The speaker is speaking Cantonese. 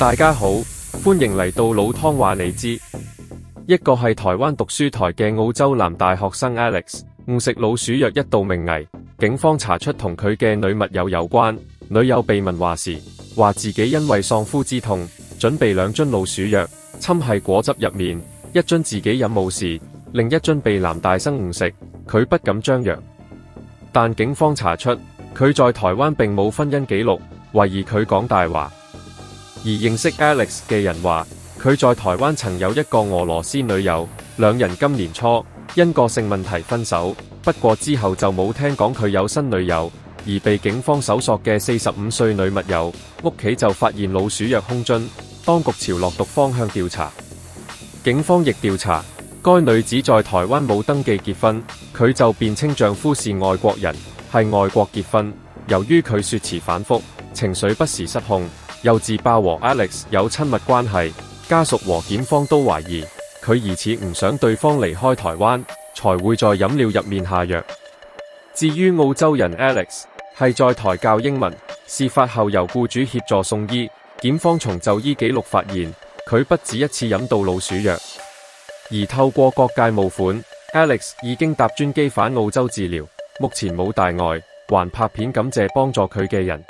大家好，歡迎嚟到老湯話你知。一個係台灣讀書台嘅澳洲男大學生 Alex 誤食老鼠藥一度命危，警方查出同佢嘅女密友有關。女友被問話時，話自己因為喪夫之痛，準備兩樽老鼠藥，摻喺果汁入面，一樽自己飲冇事，另一樽被男大生誤食，佢不敢張揚。但警方查出佢在台灣並冇婚姻記錄，懷疑佢講大話。而認識 Alex 嘅人話，佢在台灣曾有一個俄羅斯女友，兩人今年初因個性問題分手。不過之後就冇聽講佢有新女友。而被警方搜索嘅四十五歲女密友，屋企就發現老鼠藥空樽，當局朝落毒方向調查。警方亦調查該女子在台灣冇登記結婚，佢就辯稱丈夫是外國人，係外國結婚。由於佢說辭反覆，情緒不時失控，又自爆和 Alex 有親密關係，家屬和檢方都懷疑佢疑似唔想對方離開台灣，才會在飲料入面下藥。至於澳洲人 Alex 係在台教英文，事發後由僱主協助送醫，檢方從就醫記錄發現佢不止一次飲到老鼠藥。而透過各界募款，Alex 已經搭專機返澳洲治療，目前冇大礙，還拍片感謝幫助佢嘅人。